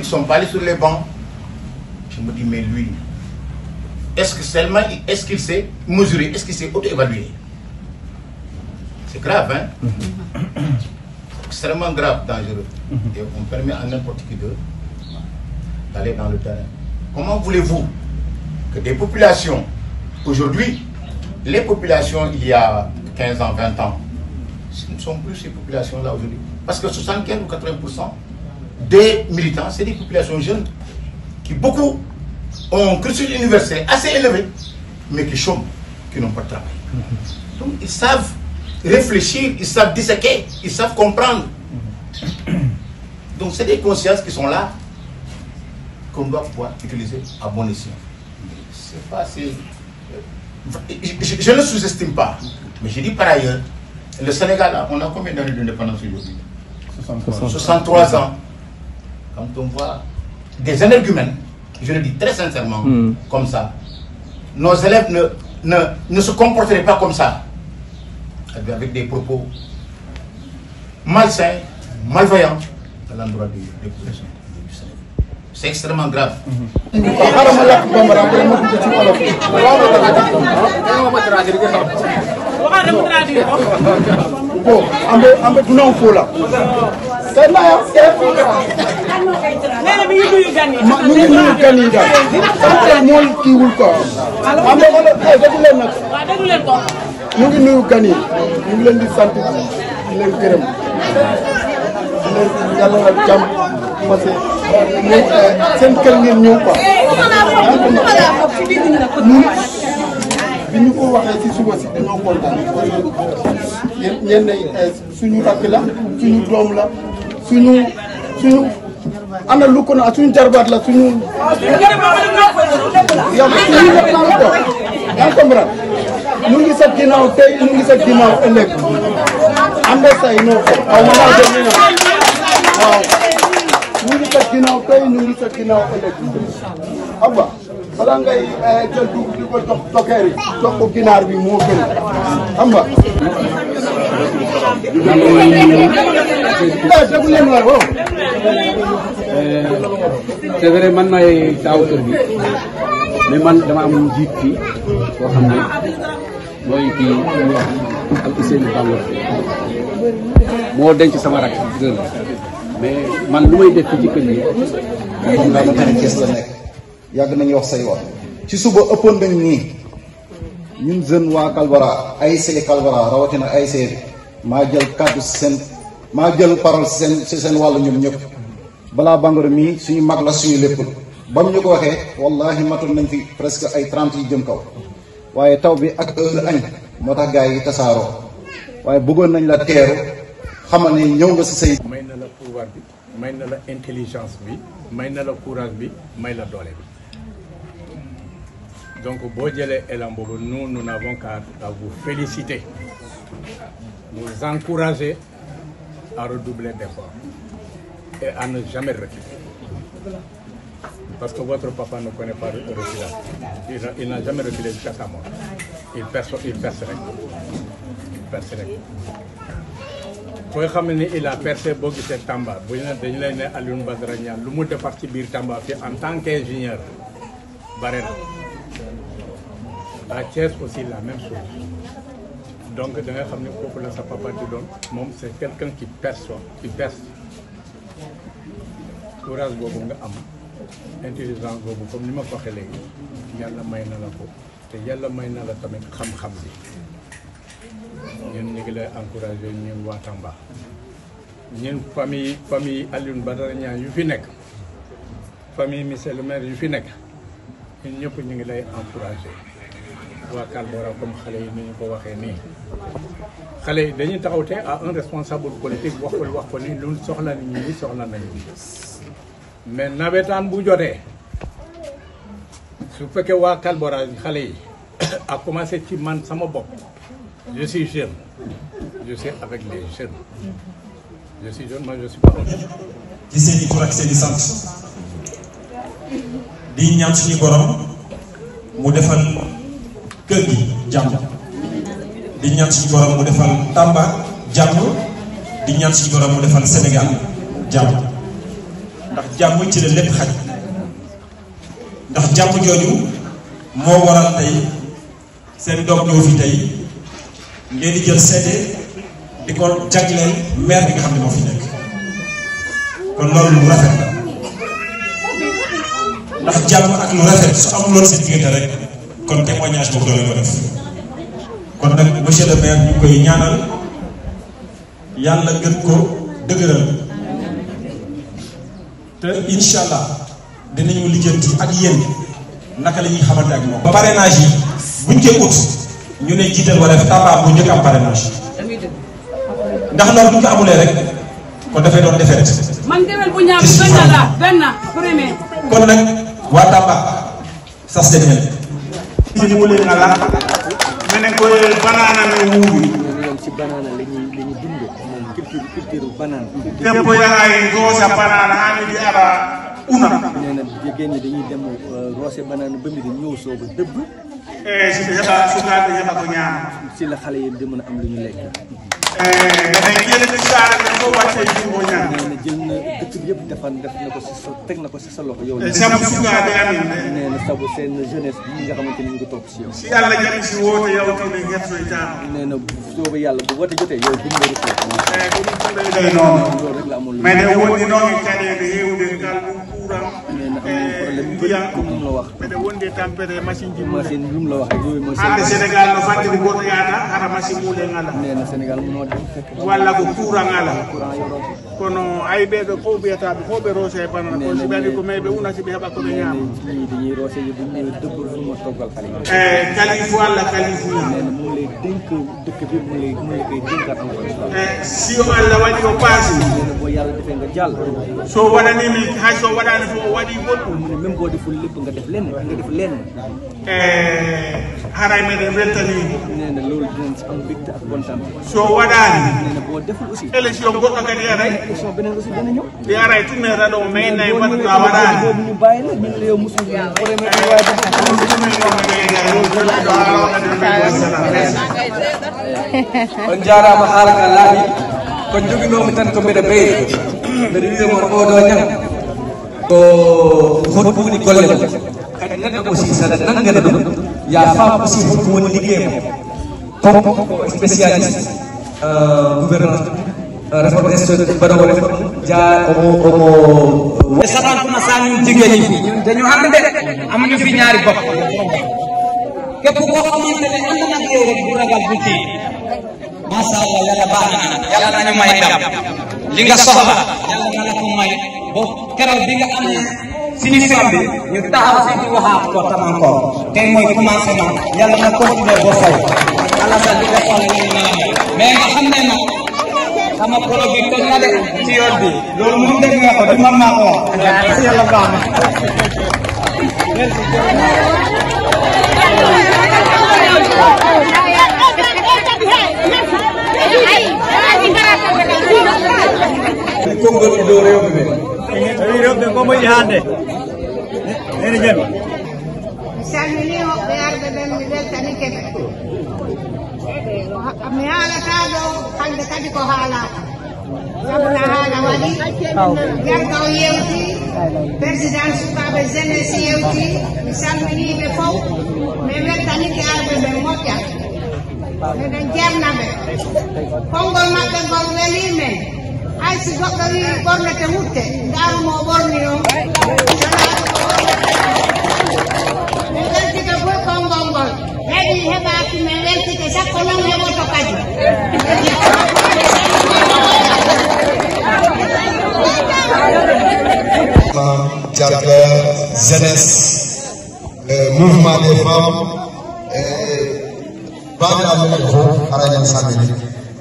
ensuite sont pas sur les bancs. Je me dis, mais lui, est-ce que seulement, est-ce qu'il s'est mesuré, est-ce qu'il s'est auto-évalué C'est grave, hein mm grave, dangereux. on permet à n'importe qui d'aller dans le terrain. Comment voulez-vous que des populations, aujourd'hui, les populations il y a 15 ans, 20 ans, ce ne sont plus ces populations-là aujourd'hui. Parce que 75 ou 80 des militants, c'est des populations jeunes qui beaucoup ont cursus universitaire assez élevé, mais qui chôment, qui n'ont pas de travail. Donc ils savent réfléchir, ils savent disséquer, ils savent comprendre. Donc c'est des consciences qui sont là, qu'on doit pa utiliser à bon escient. C'est pas euh, Je, ne sous-estime pas, mais je dis par ailleurs, le Sénégal, on a combien d'années d'indépendance aujourd'hui 63 ans. Donc on voit des énergumènes, je le dis très sincèrement, mmh. comme ça. Nos élèves ne, se comporteraient pas comme ça, avec des propos malsains, malveillants l'endroit des, des C'est extrêmement grave. Hmm. Mbo ambe ambe tunaofula senaya ñuñuñu ganida ante mool kiiwul quoi ambe ole e déglu leen nag ah, ñu ngi nuyu gan yi ñu ngi di sant di leen gërëm di leen yàlla jàmm parce que euh, ñu waxee si suba si dañoo kontaan parce que yéen ñenn suñu rakk la suñu doom ana lu na suñu jarbaat la suñu. yow suñu lépp naa la ko yaa ngi sa ginnaaw tey ñu ngi sa ginnaaw ëllëg am na say noo ko waaw man maa jël waaw ñu ngi sa ginnaaw tey ñu ngi sa ginnaaw ëllëg abba balaa ngay eh, jël bi moo gën xam nga. Eh, eh, man maay taawu kër bi mais man dama am jiit fii koo xam ne mooy kii ñuy wax ak Ousseynou Balla moo denc sama rakk mais man lu may def ci kër yi moom laa ma tere Cees la nekk. yàgg nañu wax say wax ci suba ëppoon dañ nii ñun jeune waa Kalbara ASC Kalbara rawatina ASC maa jël kàddu seen maa jël parole seen si seen wàllu ñoom ñëpp balaa Bangory mii suñu mag la suñu lépp ba mu ñu ko waxee wallahi matoon nañ fi presque ay trente yi jëm kaw waaye taw bi ak heure añ moo tax gars yi tasaaroo waaye bëggoon nañ la teeru xamal ne ñëw nga si say. may na la pouvoir bi may na la intelligence bi may na la courage bi may la doole bi. donc boo jëlee élan boobu nous nous n'avons qu'à vous féliciter nous encourager à redoubler d'efforts et à ne jamais reculer parce que votre papa ne connaît pas le il n'a jamais reculé jusqu'à sa il perce il perce rek il perce xam ni il a percé boo gisee Tamba bu ñu ne dañu lay ne Alioune Badara Niang lu mu defar ci biir Tamba fi en tant qu'ingénieur bare na à Thiès aussi la même chose donc da xam ne kooku la sa papa di doon moom c'est quelqu'un qui perçoit qui perce courage boobu nga am intelligence boobu comme ni ma ko waxee léegi yàlla may na la ko te yàlla may na la tamit xam-xam bi ñun ñu ngi lay encouragé ñun waa Tamba ñun famille famille Alioune Badara Niang yu fi nekk famille monsieur le maire yu fi nekk ñun ñëpp ñu ngi lay encouragé waa Kalboora comme xale yi ni ñu ko waxee nii xale yi dañuy taxaw te à un responsable politique wax ko wax ko ni lu soxla nit ñi soxla nañu mais nawetaan bu jotee su fekkee waa Kalboora xale yi a commencé ci man sama bopp je suis jeune je suis avec les jeunes je suis jeune moi je suis pas ci seen ak seen i sant di ñaan suñu borom mu defal kër gi jàmm di ñaan suñu borom mu defal Tamba jàmm di ñaan suñu borom mu defal Sénégal jàmm ndax jàmm ci la lépp xaj ndax jàmm jooju moo waral tey seen doom ñëw fi tey ngeen di jël seede di ko jagleel maire bi nga xam ne moo fi nekk kon loolu lu rafet ndax jàmm ak lu rafet su amuloon seen diggante rek. kon témoignage boobu doole ko kon nag monsieur le maire ñu koy ñaanal yàlla gën ko dëgëral te incha allah dinañu lijjanti ak yéen naka la ñuy xamante ak moom. ba parrainage yi buñ koy ut ñu ne jiital wala Tamba bu njëkk am parrainage ndax loolu buñ ko amulee rek kon dafay doon defee man déwén bu ñaar kon nag waa Tamba sas de ci mu leen ala me ne ci banaana la ñuy la ñuy dund moom culture culture banaana te boya ay goosa banaana ani di ala una nee na jigéen ñi dañuy dem euh, roose banaana ba mi di ñëw sooba dëbb su ko yaxa su ko yaxa ko ñaan ci la xale yi di mën a am lu ñu lekk eh, dafay génn ci saara nga ko wàccee ji moo ñaan nee na jël na dëkk bi yëpp defan def na ko si sa teg na ko si sa loxo yow eh, sabu suga bi amin nee na sabu seen jeunesse bi nga xamante ni ñu ngi topp si yow si yàlla jëm si woote yow te ne ngeen sooy taam nee na soobu yàlla bu woote jotee yow bu mu la rusee eh, bu mu la rusee noonu loolu rek la amul mais de wóor ni noonu cadee de yeewu de Sénégal lum la wax mbeɗe wonde tampere machine ji machine lum la wax jowi mo hande sénégal no fandiri goto yaata hara machine muule ngala ndena sénégal moode walla ko courant ngala kono ay ɓeɗo fof mbiyataɓe fof ɓe roose e banana ko so ɓeani ko mayɓe unati ɓe heeɓa koɓe ñaama ñiidi rooseji ɗum ne debbo ɗuma toggal kala e kalifu allah kalifu nen mule denko dëkk bi mule mule koye denkatan e eh, si o allah waɗi o paasi nen bo yallah defe ngo jall so waɗanimi hay so waɗani fof o waɗi goɗɗum même bode deful lépp nga def lenn nga def lenn. Eh, xaaral ma ne retenir. nee na loolu dinañ si am mbégte ak kontaan. soo wadaani. nee na boo deful aussi. élection gox ak ak yaray. élection beneen aussi dana ñëw. yaray tun ne rajo may nay man la wadaani. boobu ñu bàyyi la ñun la yow mosul. on jarama haalaka laaɓi ko joguinomi tan ko mbeɗa ɓeyda mbeɗa wiya mo oɗo ñam Oh, hoɗɗuɗi golle mum kadi neɗɗo aussi saɗa nanngana ɗum ya faam aussi holko woni liggey mum comme spécialiste euh, gouvernance réformation euh, mbaɗowo réforme ja omo omo saɗantuma samin jigéen ñi dañu hande amuñu fi ñaari bopp képp koo xamante ne ànd nag yow bu ragal bu kii macha allah yàlla baax na yàlla nañu may dam li nga soxla yàlla na la may ba keroog bi nga am finition bi ñu taxaw si ñu waxaat ko tam encore tey mooy commencement yàlla na continuer ba fay alasan di nga soxla ñu naan mais nga xam ne nag sama polo bi toj na de ci yoon bi loolu moom dégg nga ko du man maa ko wax yàlla baax na Congo ci doo réew mi rewɓe gomo yi hande ene jami mi salmini hoɓɓe arɓe ɓen mi weltani keɓe mi haalata ɗow hande kadi ko haalaka sabuna haala waɗi jargaw yewti président sukaɓe jeunesse yewti mi salminiɓe fof mi weltanike arɓe ɓen moƴƴa eɗen jernaɓe konngol maɓɓe ngol weli men ಐಸಿ ಗೊತ್ತವಿ ಗೋರ್ಮೆಂಟ್ ಹುಟ್ಟೆ ದಾರು ಮೋ ಬೋರ್ನಿಯೋ ವೆಲ್ತಿಗೆ ಬೋ ಕಂ ಬಂ ಬಂ ಹೇಗೆ ಹೇಗೆ ಆಕಿ ಮೇ ವೆಲ್ತಿಗೆ ಸಕ್ ಕೊಲಂ ಹೇಗೋ ಟೊಕಾಜಿ jeunesse, le mouvement des femmes et Bada Mekho Arayan Samedi.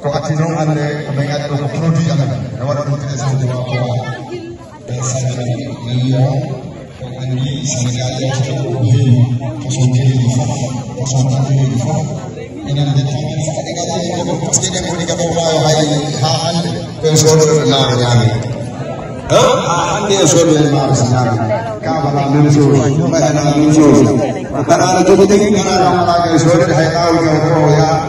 ko atinon hannde koɓe gandi ɗo ko produit amen ene waɗa ɗum présenté ma ko sabi mi wiyon en mbi sénégal yewtata ɗo heewi façon jeleji fof façon tandireji fof enen dettamen saka ɗe gadi e ɗoɓe par ce que ɗen woni gaɓe wawa hay ha hannde ɓen soɗoɗo naaro ñaami ha hannde e soɗoen maaro so ñaami ka mbaɗa même chose mbaɗana même chose mbaɗana jogui jogui gana kam waɗaka e soɗoɗe hay awdi kam ko o yaa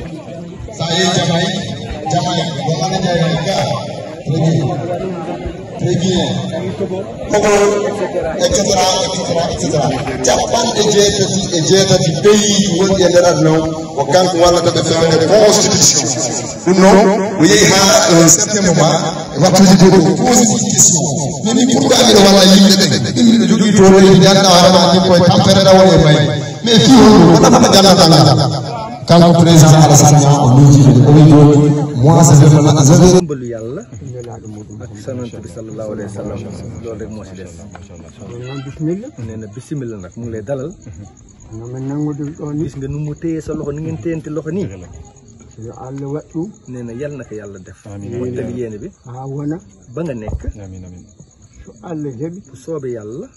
saya Jamaï, Jamaï, Bamana Jamaïca, très bien, très bien, etc., etc., etc. Japan est Dieu petit, et Dieu petit pays, tout le monde est là, non, aucun pouvoir n'a pas faire une constitution. Ou non, oui, à un certain moment, on va toujours dire, poser des questions. Mais pourquoi il va la ligne, il ne dit pas, il y a un peu de temps, il y a un peu de temps, mais si on n'a pas de temps, tant que président Alassane Niang on nous dit que damay doon moi ça def na ak moo ci des bismillah nee na nag mu ngi lay dalal gis nga nu mu téye sa loxo ni ngeen téyante loxo nii yo àll na yàlla na ko yàlla def motali yéene bi a wona ba nga nekk su àll hebi soobee yàlla